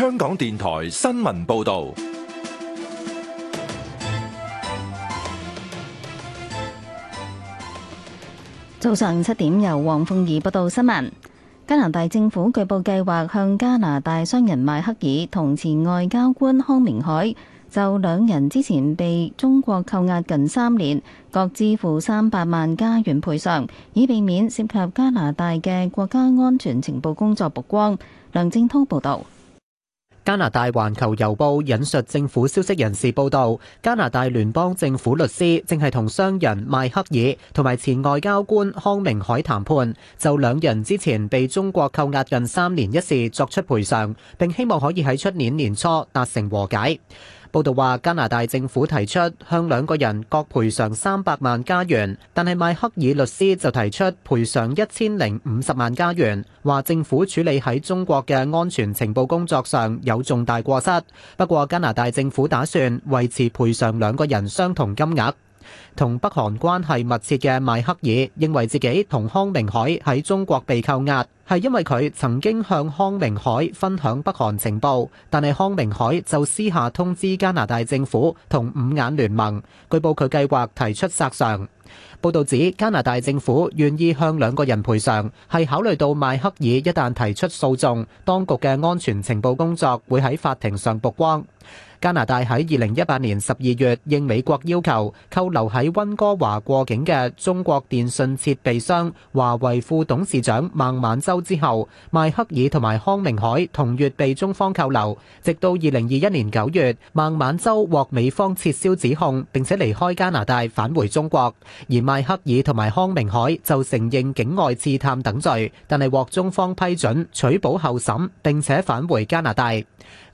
香港電台新聞報道，早上七點由黃鳳儀報道新聞。加拿大政府據報計劃向加拿大商人邁克爾同前外交官康明凱，就兩人之前被中國扣押近三年，各支付三百萬加元賠償，以避免涉及加拿大嘅國家安全情報工作曝光。梁正濤報道。加拿大環球郵報引述政府消息人士報道，加拿大聯邦政府律師正係同商人邁克爾同埋前外交官康明凱談判，就兩人之前被中國扣押近三年一事作出賠償，並希望可以喺出年年初達成和解。報道話，加拿大政府提出向兩個人各賠償三百萬加元，但係邁克爾律師就提出賠償一千零五十萬加元，話政府處理喺中國嘅安全情報工作上有重大過失。不過加拿大政府打算維持賠償兩個人相同金額。同北韓關係密切嘅邁克爾認為自己同康明凱喺中國被扣押，係因為佢曾經向康明凱分享北韓情報，但係康明凱就私下通知加拿大政府同五眼聯盟，據報佢計劃提出索償。報道指，加拿大政府願意向兩個人賠償，係考慮到邁克爾一旦提出訴訟，當局嘅安全情報工作會喺法庭上曝光。加拿大喺二零一八年十二月應美國要求扣留喺溫哥華過境嘅中國電信設備商華為副董事長孟晚舟之後，邁克爾同埋康明凱同月被中方扣留，直到二零二一年九月，孟晚舟獲美方撤銷指控並且離開加拿大返回中國，而邁克爾同埋康明凱就承認境外刺探等罪，但係獲中方批准取保候審並且返回加拿大。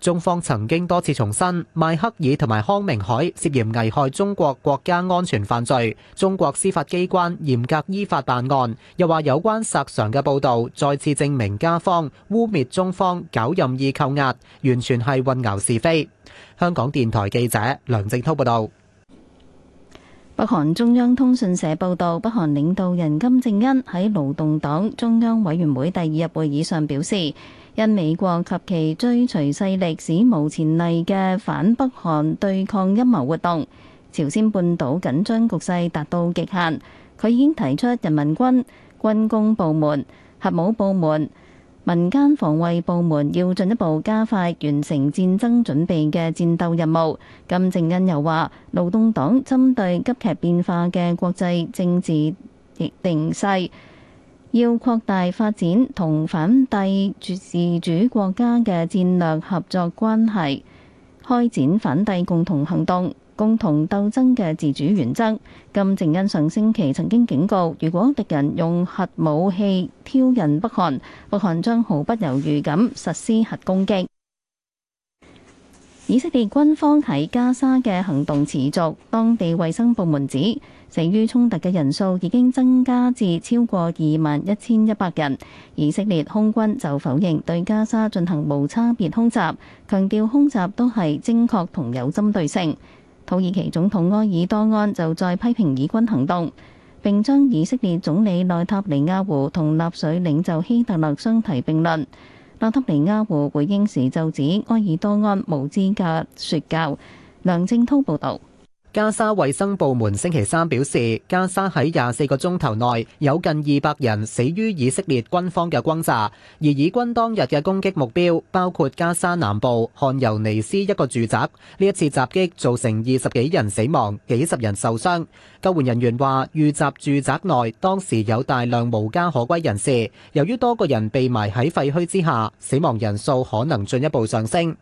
中方曾經多次重申。邁克爾同埋康明凱涉嫌危害中國國家安全犯罪，中國司法機關嚴格依法辦案。又話有關殺常嘅報道，再次證明加方污衊中方搞任意扣押，完全係混淆是非。香港電台記者梁靜濤報道。北韓中央通訊社報道，北韓領導人金正恩喺勞動黨中央委員會第二日會議上表示，因美國及其追隨勢力史無前例嘅反北韓對抗陰謀活動，朝鮮半島緊張局勢達到極限，佢已經提出人民軍、軍工部門、核武部門、民間防衛部門要進一步加快完成戰爭準備嘅戰鬥任務。金正恩又話：勞動黨針對急劇變化嘅國際政治定勢，要擴大發展同反帝自主國家嘅戰略合作關係，開展反帝共同行動。共同鬥爭嘅自主原則。金正恩上星期曾經警告，如果敵人用核武器挑釁北韓，北韓將毫不猶豫咁實施核攻擊。以色列軍方喺加沙嘅行動持續，當地衛生部門指死於衝突嘅人數已經增加至超過二萬一千一百人。以色列空軍就否認對加沙進行無差別空襲，強調空襲都係精確同有針對性。土耳其總統埃爾多安就再批評以軍行動，並將以色列總理內塔尼亞胡同納粹領袖希特勒相提並論。內塔尼亞胡回應時就指埃爾多安無資格説教。梁正滔報導。加沙衛生部門星期三表示，加沙喺廿四個鐘頭內有近二百人死於以色列軍方嘅轟炸，而以軍當日嘅攻擊目標包括加沙南部漢尤尼斯一個住宅。呢一次襲擊造成二十幾人死亡，幾十人受傷。救援人員話，遇襲住宅內當時有大量無家可歸人士，由於多個人被埋喺廢墟之下，死亡人數可能進一步上升。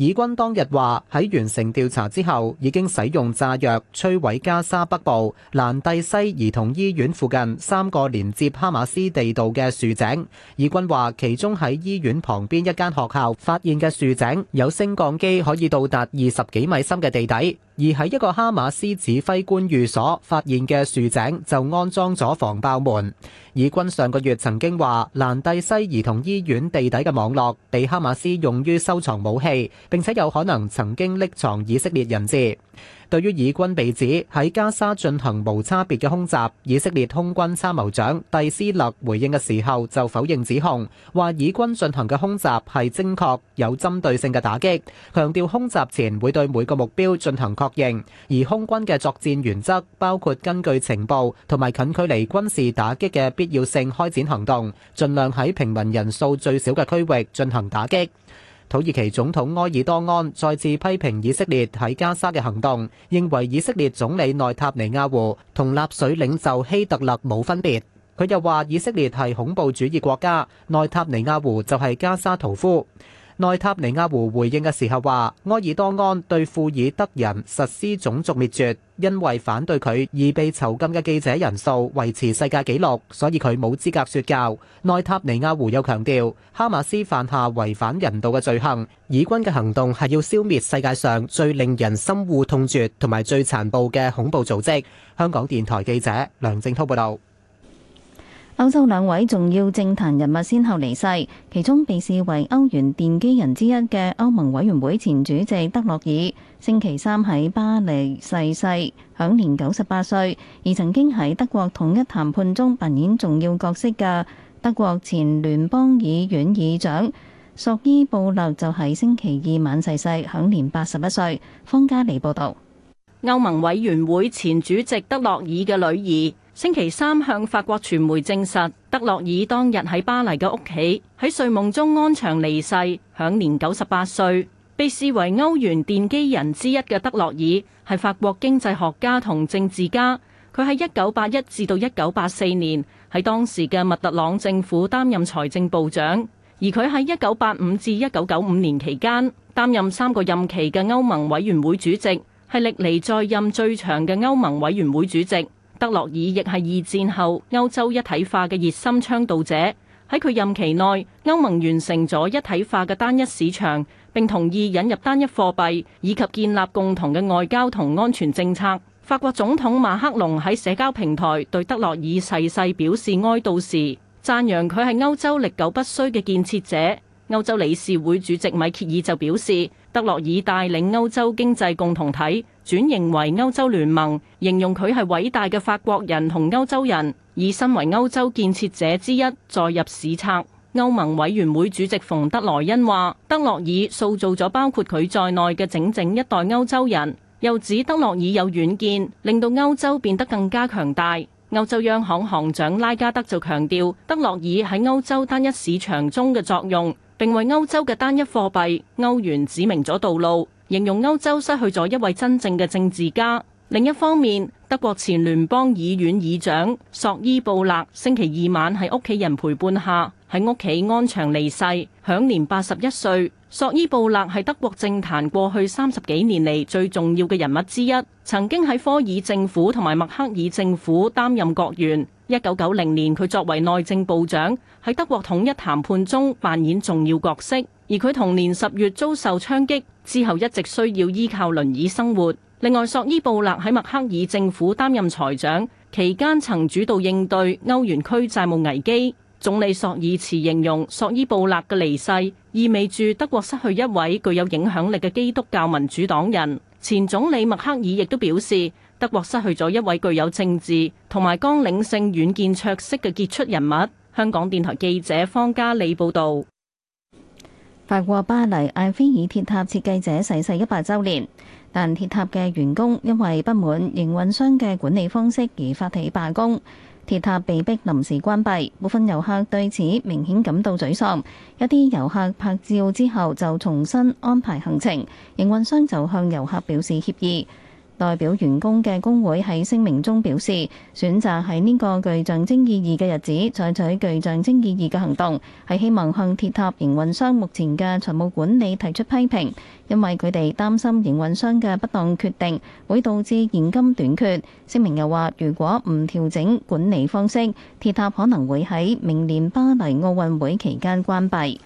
以軍當日話，喺完成調查之後，已經使用炸藥摧毀加沙北部蘭蒂西兒童醫院附近三個連接哈馬斯地道嘅豎井。以軍話，其中喺醫院旁邊一間學校發現嘅豎井有升降機可以到達二十幾米深嘅地底。而喺一個哈馬斯指揮官寓所發現嘅豎井就安裝咗防爆門。以軍上個月曾經話，蘭蒂西兒童醫院地底嘅網絡被哈馬斯用於收藏武器，並且有可能曾經匿藏以色列人質。對於以軍被指喺加沙進行無差別嘅空襲，以色列空軍參謀長蒂斯勒回應嘅時候就否認指控，話以軍進行嘅空襲係精確有針對性嘅打擊，強調空襲前會對每個目標進行確認，而空軍嘅作戰原則包括根據情報同埋近距離軍事打擊嘅必要性開展行動，盡量喺平民人數最少嘅區域進行打擊。土耳其總統埃爾多安再次批評以色列喺加沙嘅行動，認為以色列總理內塔尼亞胡同納粹領袖希特勒冇分別。佢又話：以色列係恐怖主義國家，內塔尼亞胡就係加沙屠夫。內塔尼亞胡回應嘅時候話：埃爾多安對庫爾德人實施種族滅絕，因為反對佢而被囚禁嘅記者人數維持世界紀錄，所以佢冇資格說教。內塔尼亞胡又強調，哈馬斯犯下違反人道嘅罪行，以軍嘅行動係要消滅世界上最令人深惡痛絕同埋最殘暴嘅恐怖組織。香港電台記者梁正濤報道。歐洲兩位重要政壇人物先後離世，其中被視為歐元奠基人之一嘅歐盟委員會前主席德洛爾星期三喺巴黎逝世,世，享年九十八歲；而曾經喺德國統一談判中扮演重要角色嘅德國前聯邦議院議長索伊布勒就喺星期二晚逝世,世，享年八十一歲。方家妮報道。歐盟委員會前主席德洛爾嘅女兒星期三向法國傳媒證實，德洛爾當日喺巴黎嘅屋企喺睡夢中安詳離世，享年九十八歲。被視為歐元奠基人之一嘅德洛爾係法國經濟學家同政治家。佢喺一九八一至到一九八四年喺當時嘅密特朗政府擔任財政部長，而佢喺一九八五至一九九五年期間擔任三個任期嘅歐盟委員會主席。係歷嚟在任最長嘅歐盟委員會主席德洛爾，亦係二戰後歐洲一體化嘅熱心倡導者。喺佢任期內，歐盟完成咗一體化嘅單一市場，並同意引入單一貨幣，以及建立共同嘅外交同安全政策。法國總統馬克龍喺社交平台對德洛爾逝世表示哀悼時，讚揚佢係歐洲歷久不衰嘅建設者。歐洲理事會主席米歇爾就表示，德洛爾帶領歐洲經濟共同體轉型為歐洲聯盟，形容佢係偉大嘅法國人同歐洲人，以身為歐洲建設者之一載入史冊。歐盟委員會主席馮德萊恩話，德洛爾塑造咗包括佢在內嘅整整一代歐洲人，又指德洛爾有遠見，令到歐洲變得更加強大。歐洲央行行長拉加德就強調，德洛爾喺歐洲單一市場中嘅作用。並為歐洲嘅單一貨幣歐元指明咗道路，形容歐洲失去咗一位真正嘅政治家。另一方面，德國前聯邦議院議長索伊布勒星期二晚喺屋企人陪伴下喺屋企安詳離世，享年八十一歲。索伊布勒係德國政壇過去三十幾年嚟最重要嘅人物之一，曾經喺科爾政府同埋默克爾政府擔任國員。一九九零年佢作為內政部長喺德國統一談判中扮演重要角色，而佢同年十月遭受槍擊之後一直需要依靠輪椅生活。另外，索伊布勒喺默克爾政府擔任財長期間，曾主導應對歐元區債務危機。總理索爾茨形容索伊布勒嘅離世意味住德國失去一位具有影響力嘅基督教民主黨人。前總理默克爾亦都表示，德國失去咗一位具有政治同埋綱領性遠見卓識嘅傑出人物。香港電台記者方嘉莉報道。法國巴黎埃菲爾鐵塔設計者逝世一百週年，但鐵塔嘅員工因為不滿營運商嘅管理方式而發起罷工，鐵塔被迫臨時關閉。部分遊客對此明顯感到沮喪，一啲遊客拍照之後就重新安排行程，營運商就向遊客表示歉意。代表員工嘅工會喺聲明中表示，選擇喺呢個具象徵意義嘅日子採取具象徵意義嘅行動，係希望向鐵塔營運商目前嘅財務管理提出批評，因為佢哋擔心營運商嘅不當決定會導致現金短缺。聲明又話，如果唔調整管理方式，鐵塔可能會喺明年巴黎奧運會期間關閉。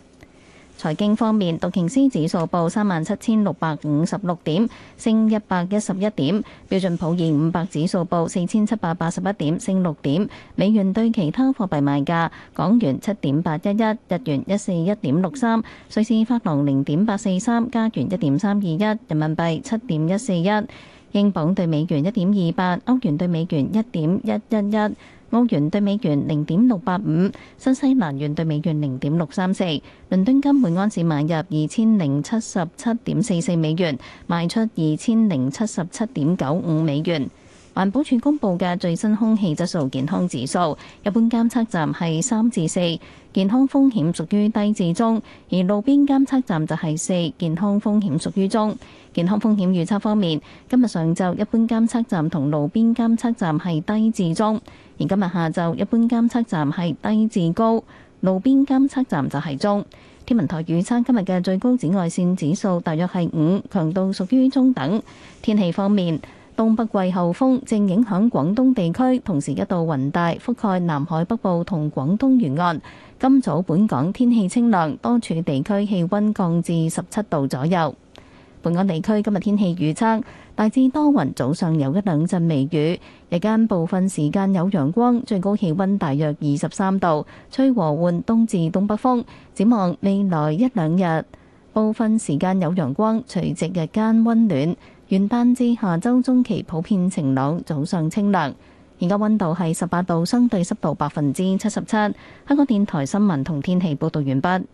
財經方面，道瓊斯指數報三萬七千六百五十六點，升一百一十一點；標準普爾五百指數報四千七百八十一點，升六點。美元對其他貨幣賣價，港元七點八一一，日元一四一點六三，瑞士法郎零點八四三，加元一點三二一，人民幣七點一四一，英鎊對美元一點二八，歐元對美元一點一一一。歐元對美元零點六八五，新西蘭元對美元零點六三四。倫敦金每盎司買入二千零七十七點四四美元，賣出二千零七十七點九五美元。環保署公布嘅最新空氣質素健康指數，一般監測站係三至四，健康風險屬於低至中；而路邊監測站就係四，健康風險屬於中。健康風險預測方面，今日上晝一般監測站同路邊監測站係低至中。而今日下晝一般監測站係低至高，路邊監測站就係中。天文台預測今日嘅最高紫外線指數大約係五，強度屬於中等。天氣方面，東北季候風正影響廣東地區，同時一道雲帶覆蓋南海北部同廣東沿岸。今早本港天氣清涼，多處地區氣溫降至十七度左右。本港地區今日天氣預測。大致多雲，早上有一兩陣微雨，日間部分時間有陽光，最高氣溫大約二十三度，吹和緩東至東北風。展望未來一兩日，部分時間有陽光，隨即日間溫暖。元旦至下周中期普遍晴朗，早上清涼。而家温度係十八度，相對濕度百分之七十七。香港電台新聞同天氣報道完畢。